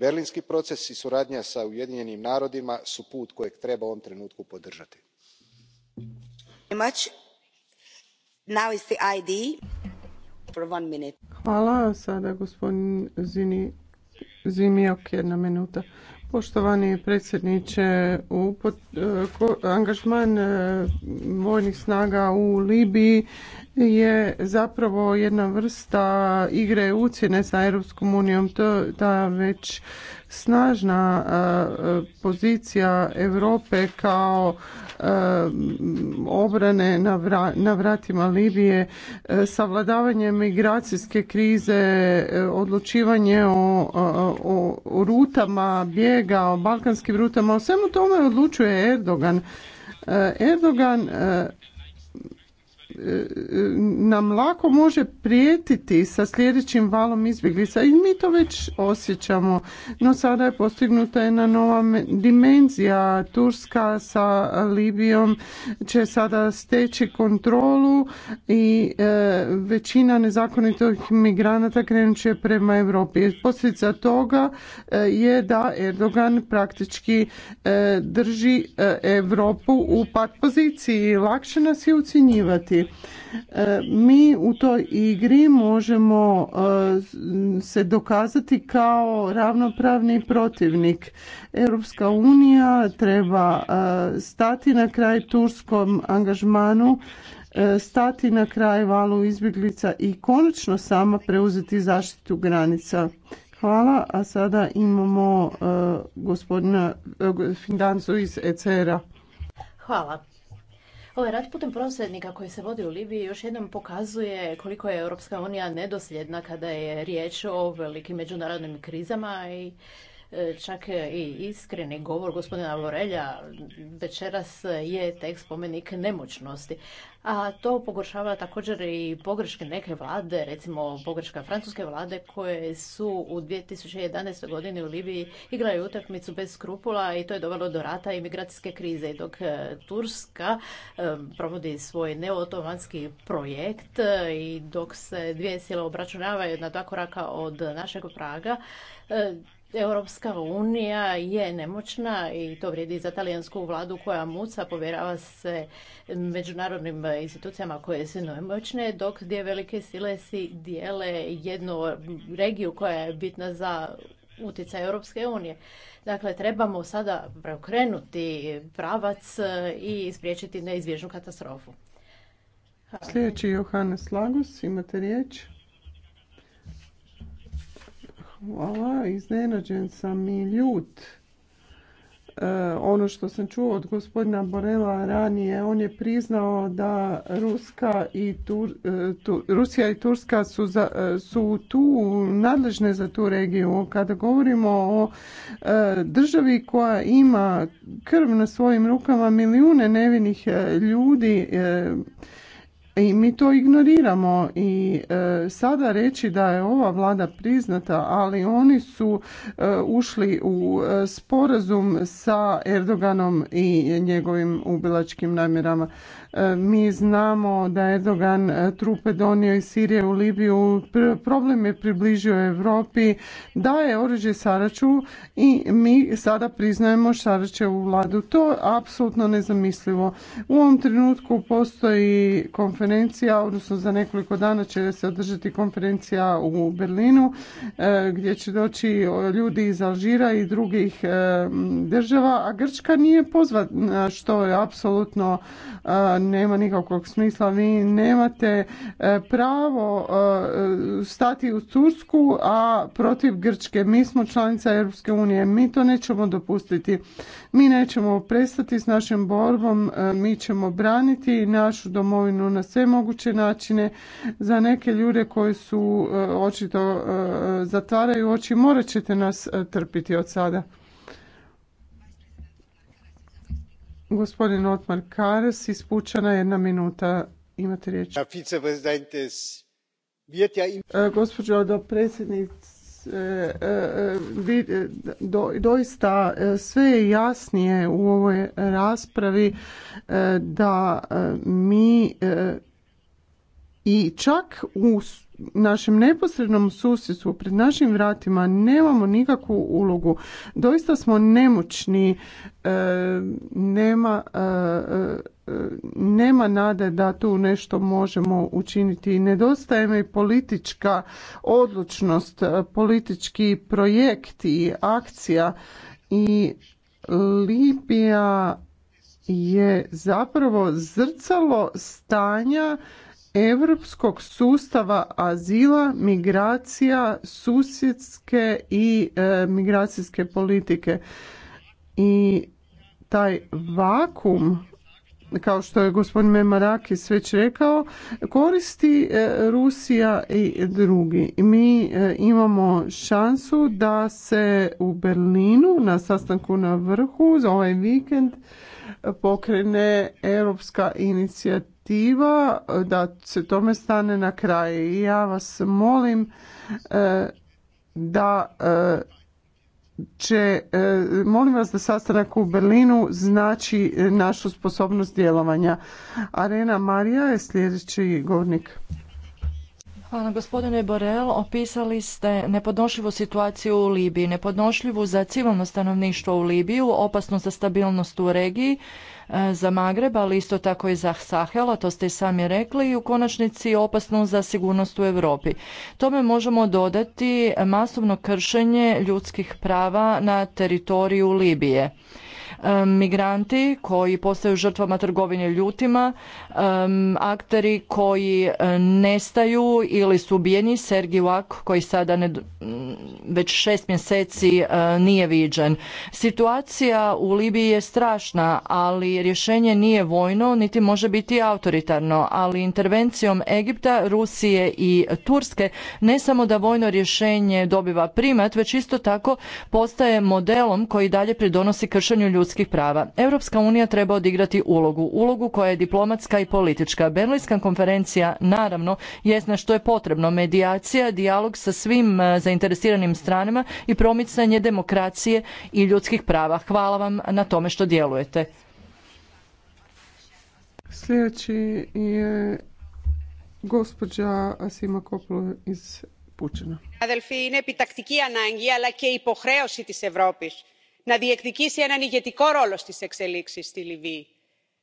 [SPEAKER 2] berlinski proces i suradnja s ujedinjenim narodima su put kojeg treba u ovom trenutku podrati.
[SPEAKER 3] Hvala. Poštovani predsjedniče, e, angažman e, vojnih snaga u Libiji je zapravo jedna vrsta igre ucjene sa Europskom unijom. To da već snažna e, pozicija Europe kao e, obrane na vratima Libije, e, savladavanje migracijske krize, odlučivanje o, rutama bijega, o balkanskim rutama, o svemu tome odlučuje Erdogan. Erdogan nam lako može prijetiti sa sljedećim valom izbjeglica i mi to već osjećamo. No sada je postignuta jedna nova dimenzija. Turska sa Libijom će sada steći kontrolu i e, većina nezakonitih migranata krenut će prema Europi. Posljedica toga e, je da Erdogan praktički e, drži Europu u pat poziciji. Lakše nas je ucjenjivati. E, mi u toj igri možemo e, se dokazati kao ravnopravni protivnik. Europska unija treba e, stati na kraj turskom angažmanu stati na kraj valu izbjeglica i konačno sama preuzeti zaštitu granica. Hvala, a sada imamo gospodina Findancu iz ECR-a.
[SPEAKER 4] Hvala. Ovaj rat putem prosvjednika koji se vodi u Libiji još jednom pokazuje koliko je Europska unija nedosljedna kada je riječ o velikim međunarodnim krizama i E, čak e, i iskreni govor gospodina Lorelja večeras je tek spomenik nemoćnosti. A to pogoršava također i pogreške neke vlade, recimo pogreška francuske vlade koje su u 2011. godini u Libiji igraju utakmicu bez skrupula i to je dovelo do rata i migracijske krize. I dok e, Turska provodi svoj neotomanski projekt i dok se dvije sile obračunavaju na dva koraka od našeg praga, Europska unija je nemoćna i to vrijedi za talijansku vladu koja muca, povjerava se međunarodnim institucijama koje su nemoćne, dok dvije velike sile si dijele jednu regiju koja je bitna za utjecaj Europske unije. Dakle, trebamo sada preokrenuti pravac i spriječiti neizvježnu katastrofu.
[SPEAKER 3] Sljedeći Johannes Lagos, imate riječ. Hvala, iznenađen sam i ljut. E, ono što sam čuo od gospodina Borela ranije, on je priznao da e, Rusija i Turska e, su, tu nadležne za tu regiju. Kada govorimo o državi koja ima krv na svojim rukama milijune nevinih ljudi, i mi to ignoriramo i e, sada reći da je ova vlada priznata, ali oni su e, ušli u e, sporazum sa Erdoganom i njegovim ubilačkim namjerama. E, mi znamo da je Erdogan e, trupe donio iz Sirije u Libiju. Problem je približio Europi, daje oružje Saraču i mi sada priznajemo u vladu. To je apsolutno nezamislivo. U ovom trenutku postoji konferencija, odnosno za nekoliko dana će se održati konferencija u Berlinu e, gdje će doći ljudi iz Alžira i drugih država, a Grčka nije pozvana što je apsolutno nema nikakvog smisla. Vi nemate e, pravo e, stati u Tursku, a protiv Grčke. Mi smo članica Europske unije. Mi to nećemo dopustiti. Mi nećemo prestati s našim borbom. E, mi ćemo braniti našu domovinu na sve moguće načine. Za neke ljude koji su očito zatvaraju oči, morat ćete nas trpiti od sada. Gospodin Otmar Karas iz jedna minuta. Imate riječ. E, gospođo dopredsjednice, e, e, doista sve je jasnije u ovoj raspravi da mi i čak u našem neposrednom susjedstvu, pred našim vratima nemamo nikakvu ulogu. Doista smo nemoćni, e, nema, e, e, nema nade da tu nešto možemo učiniti. Nedostaje mi politička odlučnost, politički projekti, i akcija i Libija je zapravo zrcalo stanja europskog sustava azila, migracija, susjedske i e, migracijske politike. I taj vakum kao što je gospodin Memarakis već rekao, koristi e, Rusija i drugi. Mi e, imamo šansu da se u Berlinu na sastanku na vrhu za ovaj vikend pokrene europska inicijativa inicijativa e, da se tome stane na kraj. I ja vas molim e, da e, će, molim vas da sastanak u Berlinu znači našu sposobnost djelovanja. Arena Marija je sljedeći govornik.
[SPEAKER 1] Hvala gospodine Borel. Opisali ste nepodnošljivu situaciju u Libiji, nepodnošljivu za civilno stanovništvo u Libiju, opasnu za stabilnost u regiji, E, za Magreb, ali isto tako i za Sahel, a to ste i sami rekli, i u konačnici opasno za sigurnost u Europi. Tome možemo dodati masovno kršenje ljudskih prava na teritoriju Libije migranti koji postaju žrtvama trgovine ljutima, akteri koji e, nestaju ili su ubijeni, Sergi Vak koji sada već šest mjeseci e, nije viđen. Situacija u Libiji je strašna, ali rješenje nije vojno niti može biti autoritarno, ali intervencijom Egipta, Rusije i Turske ne samo da vojno rješenje dobiva primat, već isto tako postaje modelom koji dalje pridonosi kršenju ljudskih prava. Europska unija treba odigrati ulogu, ulogu koja je diplomatska i politička. Berlinska konferencija naravno jest na što je potrebno medijacija, dijalog sa svim eh, zainteresiranim stranama i promicanje demokracije i ljudskih prava. Hvala vam na tome što djelujete.
[SPEAKER 3] Sljedeći je gospođa Asima Koplo iz Pučina
[SPEAKER 5] να διεκδικήσει έναν ηγετικό ρόλο στι εξελίξει στη λιβύη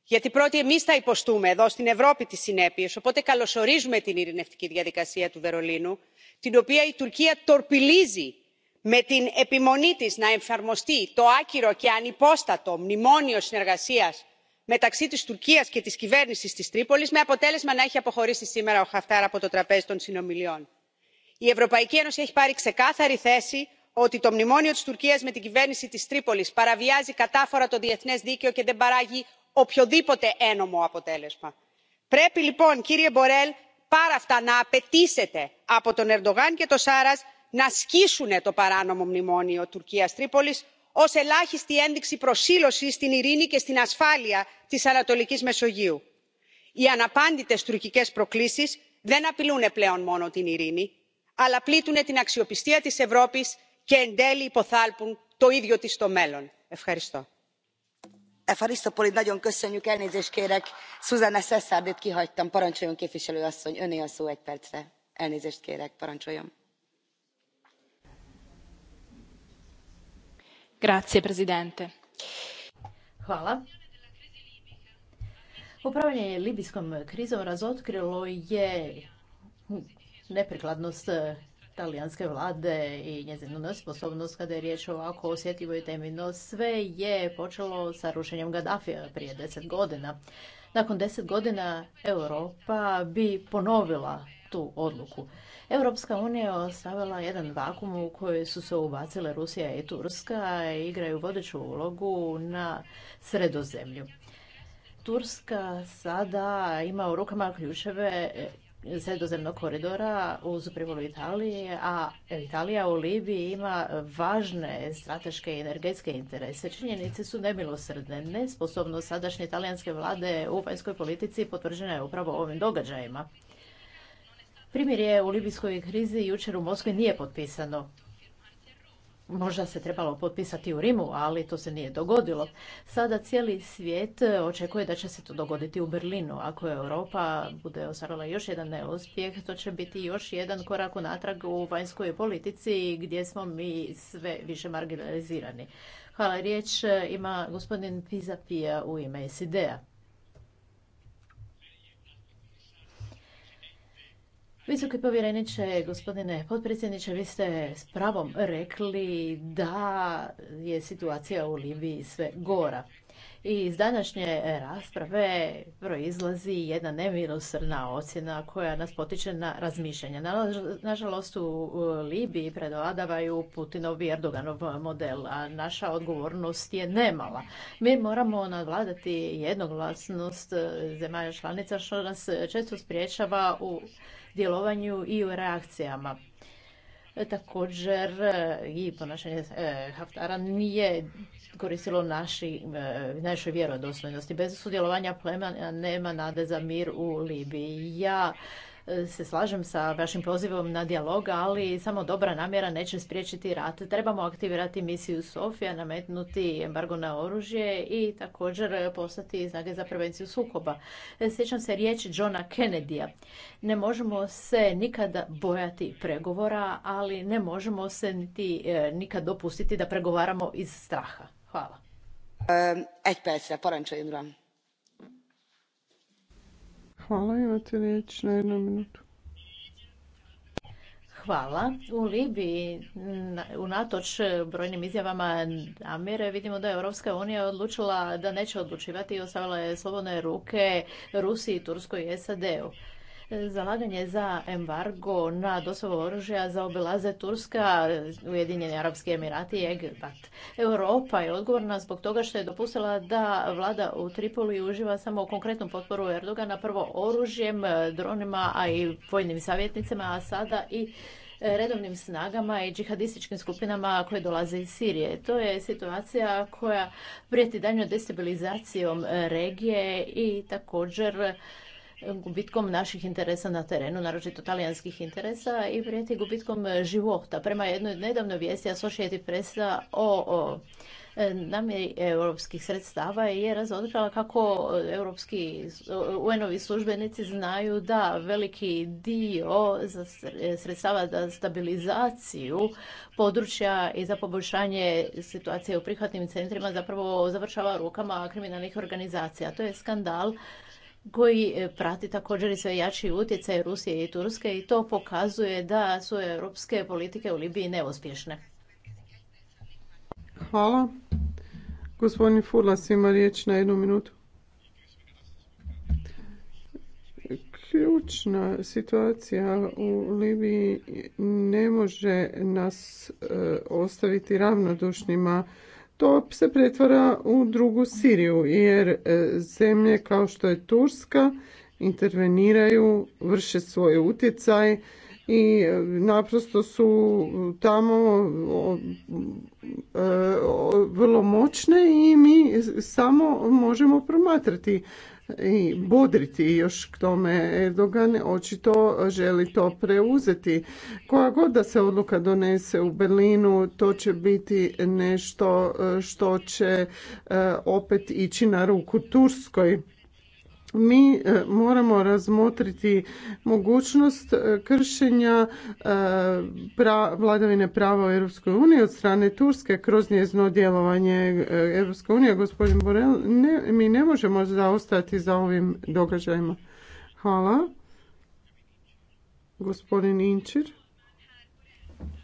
[SPEAKER 5] γιατί πρώτοι εμεί θα υποστούμε εδώ στην ευρώπη τις συνέπειε, οπότε καλωσορίζουμε την ειρηνευτική διαδικασία του βερολίνου την οποία η τουρκία τορπιλίζει με την επιμονή τη να εφαρμοστεί το άκυρο και ανυπόστατο μνημόνιο συνεργασία μεταξύ τη Τουρκία και τη κυβέρνηση τη Τρίπολη, με αποτέλεσμα να έχει αποχωρήσει σήμερα ο χαφτάρ από το τραπέζι των συνομιλιών. η ευρωπαϊκή ένωση έχει πάρει ξεκάθαρη θέση ότι το μνημόνιο της τουρκίας με την κυβέρνηση της τρίπολης παραβιάζει κατάφορα το διεθνές δίκαιο και δεν παράγει οποιοδήποτε ένομο αποτέλεσμα. πρέπει λοιπόν κύριε μπορέλ πάρα αυτά να απαιτήσετε από τον ερντογάν και τον σάρας να σκίσουν το παράνομο μνημόνιο τουρκίας τρίπολης ως ελάχιστη ένδειξη προσήλωσης στην ειρήνη και στην ασφάλεια της ανατολικής μεσογείου. οι αναπάντητες τουρκικές προκλήσεις δεν απειλούν πλέον μόνο την ειρήνη αλλά πλήττουν την αξιοπιστία της ευρώπης και εν τέλει υποθάλπουν το ίδιο της το μέλλον. ευχαριστώ. Ευχαριστώ πολύ. Nagyon köszönjük. Elnézést kérek. Susanna Szeszardit kihagytam. Parancsoljon képviselő asszony, öné a szó egy percre. Elnézést kérek, parancsoljon.
[SPEAKER 4] Grazie, Presidente. Hvala. Upravljanje libijskom krizom razotkrilo je neprikladnost talijanske vlade i njezinu nesposobnost kada je riječ o ovako osjetljivoj temi. No sve je počelo sa rušenjem Gaddafija prije deset godina. Nakon deset godina Europa bi ponovila tu odluku. Europska unija je ostavila jedan vakum u koji su se ubacile Rusija i Turska i igraju vodeću ulogu na sredozemlju. Turska sada ima u rukama ključeve sredozemnog koridora uz privolu Italije, a Italija u Libiji ima važne strateške i energetske interese. Činjenice su nemilosrdne. Nesposobnost sadašnje italijanske vlade u vanjskoj politici potvrđena je upravo ovim događajima. Primjer je u libijskoj krizi jučer u Moskvi nije potpisano Možda se trebalo potpisati u Rimu, ali to se nije dogodilo. Sada cijeli svijet e, očekuje da će se to dogoditi u Berlinu. Ako je Europa bude ostvarila još jedan neuspjeh, to će biti još jedan korak unatrag u vanjskoj politici gdje smo mi sve više marginalizirani. Hvala, riječ e, ima gospodin Pizapija u ime SID-a. Visoki povjereniče, gospodine potpredsjedniče, vi ste s pravom rekli da je situacija u Libiji sve gora. I iz današnje rasprave proizlazi jedna nemilosrna ocjena koja nas potiče na razmišljanje. Nažalost u Libiji predvladavaju Putinov Erdoganov model, a naša odgovornost je nemala. Mi moramo nadvladati jednoglasnost e, zemalja članica što nas često spriječava u djelovanju i u reakcijama. Također e, i ponašanje e, Haftara nije koristilo naši, e, našoj vjerodostojnosti. Bez sudjelovanja plemena nema nade za mir u Libiji. Ja se slažem sa vašim pozivom na dijalog, ali samo dobra namjera neće spriječiti rat. Trebamo aktivirati misiju Sofija, nametnuti embargo na oružje i također postati znage za prevenciju sukoba. E, sjećam se riječi Johna Kennedyja. Ne možemo se nikada bojati pregovora, ali ne možemo se niti e, nikad dopustiti da pregovaramo iz straha.
[SPEAKER 5] Hvala. Um,
[SPEAKER 3] Hvala, imate riječ na jednu minutu.
[SPEAKER 4] Hvala. U Libiji, unatoč brojnim izjavama Amire, vidimo da je Europska unija odlučila da neće odlučivati i ostavila je slobodne ruke Rusiji, Turskoj i SAD-u zalaganje za embargo na dosovo oružja zaobilaze Turska, Ujedinjeni Arabski Emirati i Egipat. Europa je odgovorna zbog toga što je dopustila da vlada u Tripoli uživa samo konkretnu potporu Erdogana, prvo oružjem, dronima, a i vojnim savjetnicima, a sada i redovnim snagama i džihadističkim skupinama koje dolaze iz Sirije. To je situacija koja prijeti daljnjoj destabilizacijom regije i također gubitkom naših interesa na terenu, naročito talijanskih interesa i prijeti gubitkom e, života. Prema jednoj nedavnoj vijesti Associated Pressa o, o e, namjeri europskih sredstava je razotkrila kako e, europski un službenici znaju da veliki dio sredstava za stabilizaciju područja i za poboljšanje situacije u prihvatnim centrima zapravo završava rukama kriminalnih organizacija. To je skandal koji e, prati također i sve jači utjecaj Rusije i Turske i to pokazuje da su europske politike u Libiji neuspješne.
[SPEAKER 3] Hvala. Gospodin Furlas ima riječ na jednu minutu. Ključna situacija u Libiji ne može nas e, ostaviti ravnodušnima to se pretvara u drugu Siriju jer e, zemlje kao što je Turska interveniraju, vrše svoj utjecaj i e, naprosto su tamo e, vrlo moćne i mi samo možemo promatrati i bodriti još k tome Erdogan očito želi to preuzeti. Koja god da se odluka donese u Berlinu, to će biti nešto što će e, opet ići na ruku Turskoj mi e, moramo razmotriti mogućnost e, kršenja e, vladavine prava u EU od strane Turske kroz njezno djelovanje EU. Gospodin Borel, mi ne možemo zaostati za ovim događajima. Hvala. Gospodin Inčir.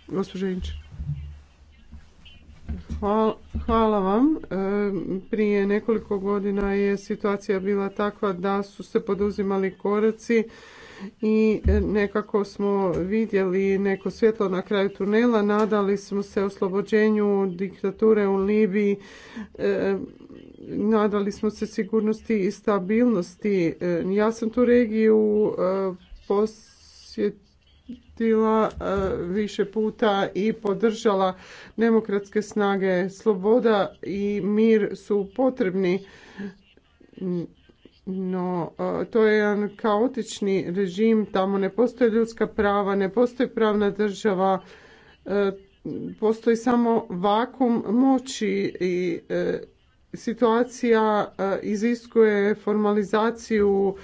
[SPEAKER 3] Gospođa Inčir. Hvala, vam. E, prije nekoliko godina je situacija bila takva da su se poduzimali koraci i nekako smo vidjeli neko svjetlo na kraju tunela, nadali smo se oslobođenju diktature u Libiji, e, nadali smo se sigurnosti i stabilnosti. E, ja sam tu regiju posjetila tila e, više puta i podržala demokratske snage. Sloboda i mir su potrebni, no e, to je jedan kaotični režim, tamo ne postoje ljudska prava, ne postoji pravna država, e, postoji samo vakum moći i situacija iziskuje formalizaciju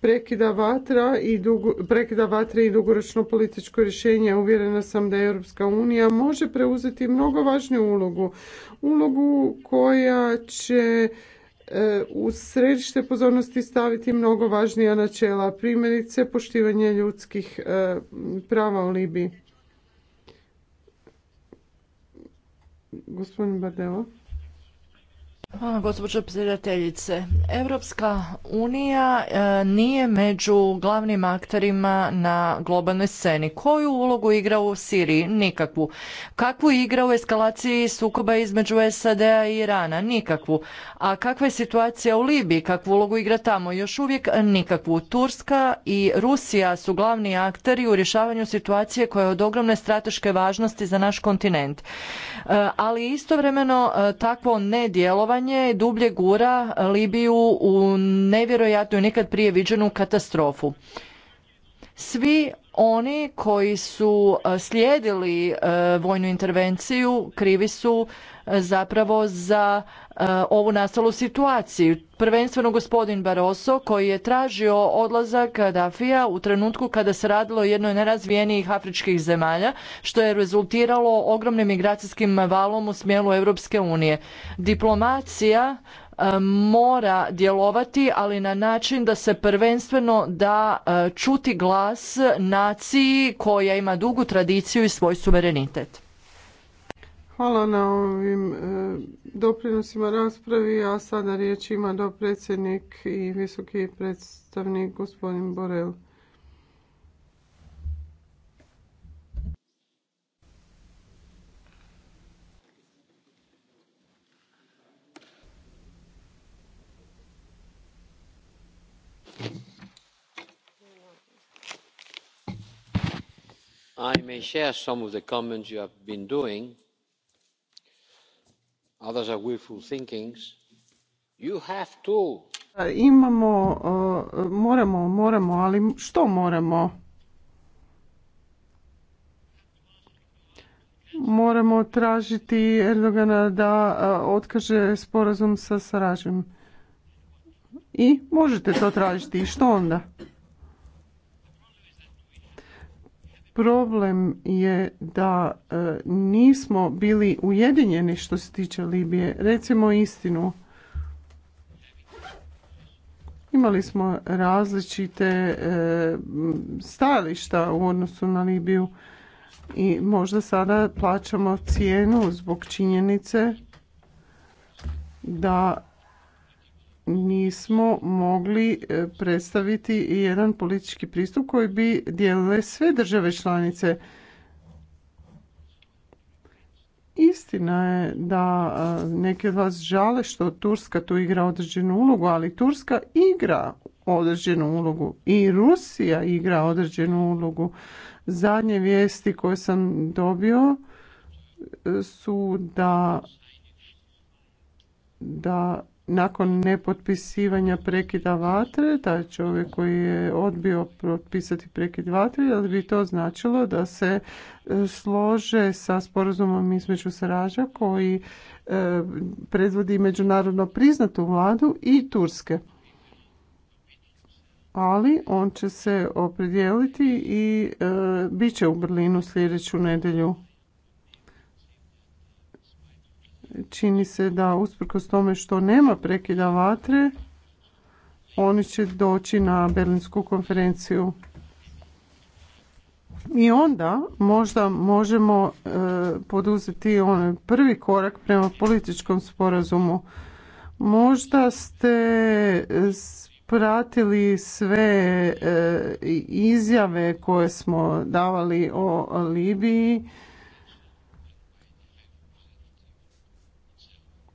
[SPEAKER 3] prekida vatra i prekida vatre i dugoročno političko rješenje. Uvjerena sam da Europska unija može preuzeti mnogo važniju ulogu. Ulogu koja će e, u središte pozornosti staviti mnogo važnija načela, primjerice poštivanje ljudskih e, prava u Libiji. Gospodin Bardelo.
[SPEAKER 1] Hvala gospođo predsjedateljice. Europska unija e, nije među glavnim akterima na globalnoj sceni. Koju ulogu igra u Siriji? Nikakvu. Kakvu igra u eskalaciji sukoba između SAD-a i Irana? Nikakvu. A kakva je situacija u Libiji? Kakvu ulogu igra tamo? Još uvijek nikakvu. Turska i Rusija su glavni akteri u rješavanju situacije koja je od ogromne strateške važnosti za naš kontinent. E, ali istovremeno e, takvo nedjelovanje nje dublje gura Libiju u nevjerojatno i nikad prije viđenu katastrofu. Svi oni koji su e, slijedili e, vojnu intervenciju krivi su e, zapravo za E, ovu nastalu situaciju. Prvenstveno gospodin Barroso koji je tražio odlazak Kadafija u trenutku kada se radilo o jednoj nerazvijenijih afričkih zemalja što je rezultiralo ogromnim migracijskim valom u smjelu Europske unije. Diplomacija e, mora djelovati, ali na način da se prvenstveno da e, čuti glas naciji koja ima dugu tradiciju i svoj suverenitet.
[SPEAKER 3] Hvala na ovim e, doprinosima raspravi, a sada riječ ima predsjednik i visoki predstavnik gospodin Borel.
[SPEAKER 2] I may share some of the comments you have doing others willful you have to.
[SPEAKER 3] Imamo, moramo, moramo, ali što moramo? Moramo tražiti Erdogana da otkaže sporazum sa Saražem. I možete to tražiti. I što onda? problem je da e, nismo bili ujedinjeni što se tiče Libije. Recimo istinu. Imali smo različite e, stajališta u odnosu na Libiju i možda sada plaćamo cijenu zbog činjenice da nismo mogli e, predstaviti jedan politički pristup koji bi dijelile sve države članice. Istina je da e, neki od vas žale što Turska tu igra određenu ulogu, ali Turska igra određenu ulogu i Rusija igra određenu ulogu. Zadnje vijesti koje sam dobio e, su da da nakon nepotpisivanja prekida vatre, taj čovjek koji je odbio potpisati prekid vatre, ali bi to značilo da se e, slože sa sporazumom između Saraža koji e, predvodi međunarodno priznatu vladu i Turske. Ali on će se opredijeliti i e, bit će u Berlinu sljedeću nedjelju čini se da usprkos tome što nema prekida vatre, oni će doći na Berlinsku konferenciju. I onda možda možemo e, poduzeti onaj prvi korak prema političkom sporazumu. Možda ste pratili sve e, izjave koje smo davali o Libiji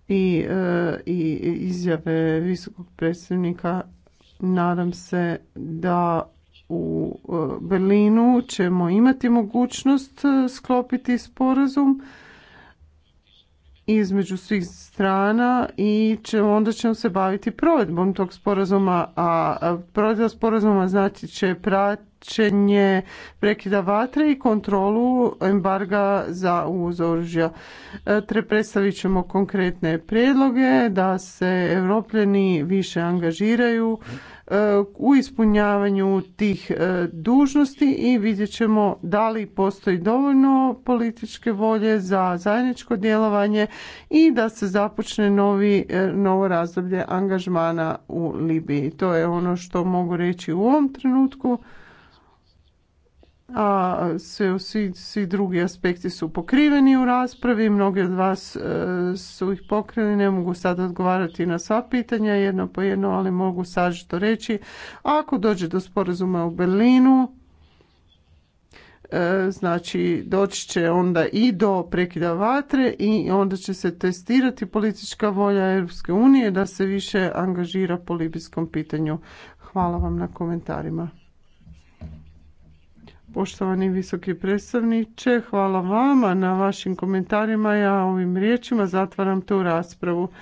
[SPEAKER 3] i, e, i izjave visokog predstavnika. Nadam se da u e, Berlinu ćemo imati mogućnost e, sklopiti sporazum između svih strana i će, onda ćemo se baviti provedbom tog sporazuma, a provedba sporazuma znači će prat, praćenje prekida vatre i kontrolu embarga za uvoz oružja. E, tre predstavit ćemo konkretne prijedloge da se europljani više angažiraju e, u ispunjavanju tih e, dužnosti i vidjet ćemo da li postoji dovoljno političke volje za zajedničko djelovanje i da se započne novi, novo razdoblje angažmana u Libiji. To je ono što mogu reći u ovom trenutku a svi, svi drugi aspekti su pokriveni u raspravi. Mnogi od vas e, su ih pokrili, ne mogu sad odgovarati na sva pitanja jedno po jedno, ali mogu sažito reći. Ako dođe do sporazuma u Berlinu, e, znači doći će onda i do prekida vatre i onda će se testirati politička volja Europske unije da se više angažira po libijskom pitanju. Hvala vam na komentarima. Poštovani visoki predstavniče, hvala vama na vašim komentarima. Ja ovim riječima zatvaram tu raspravu.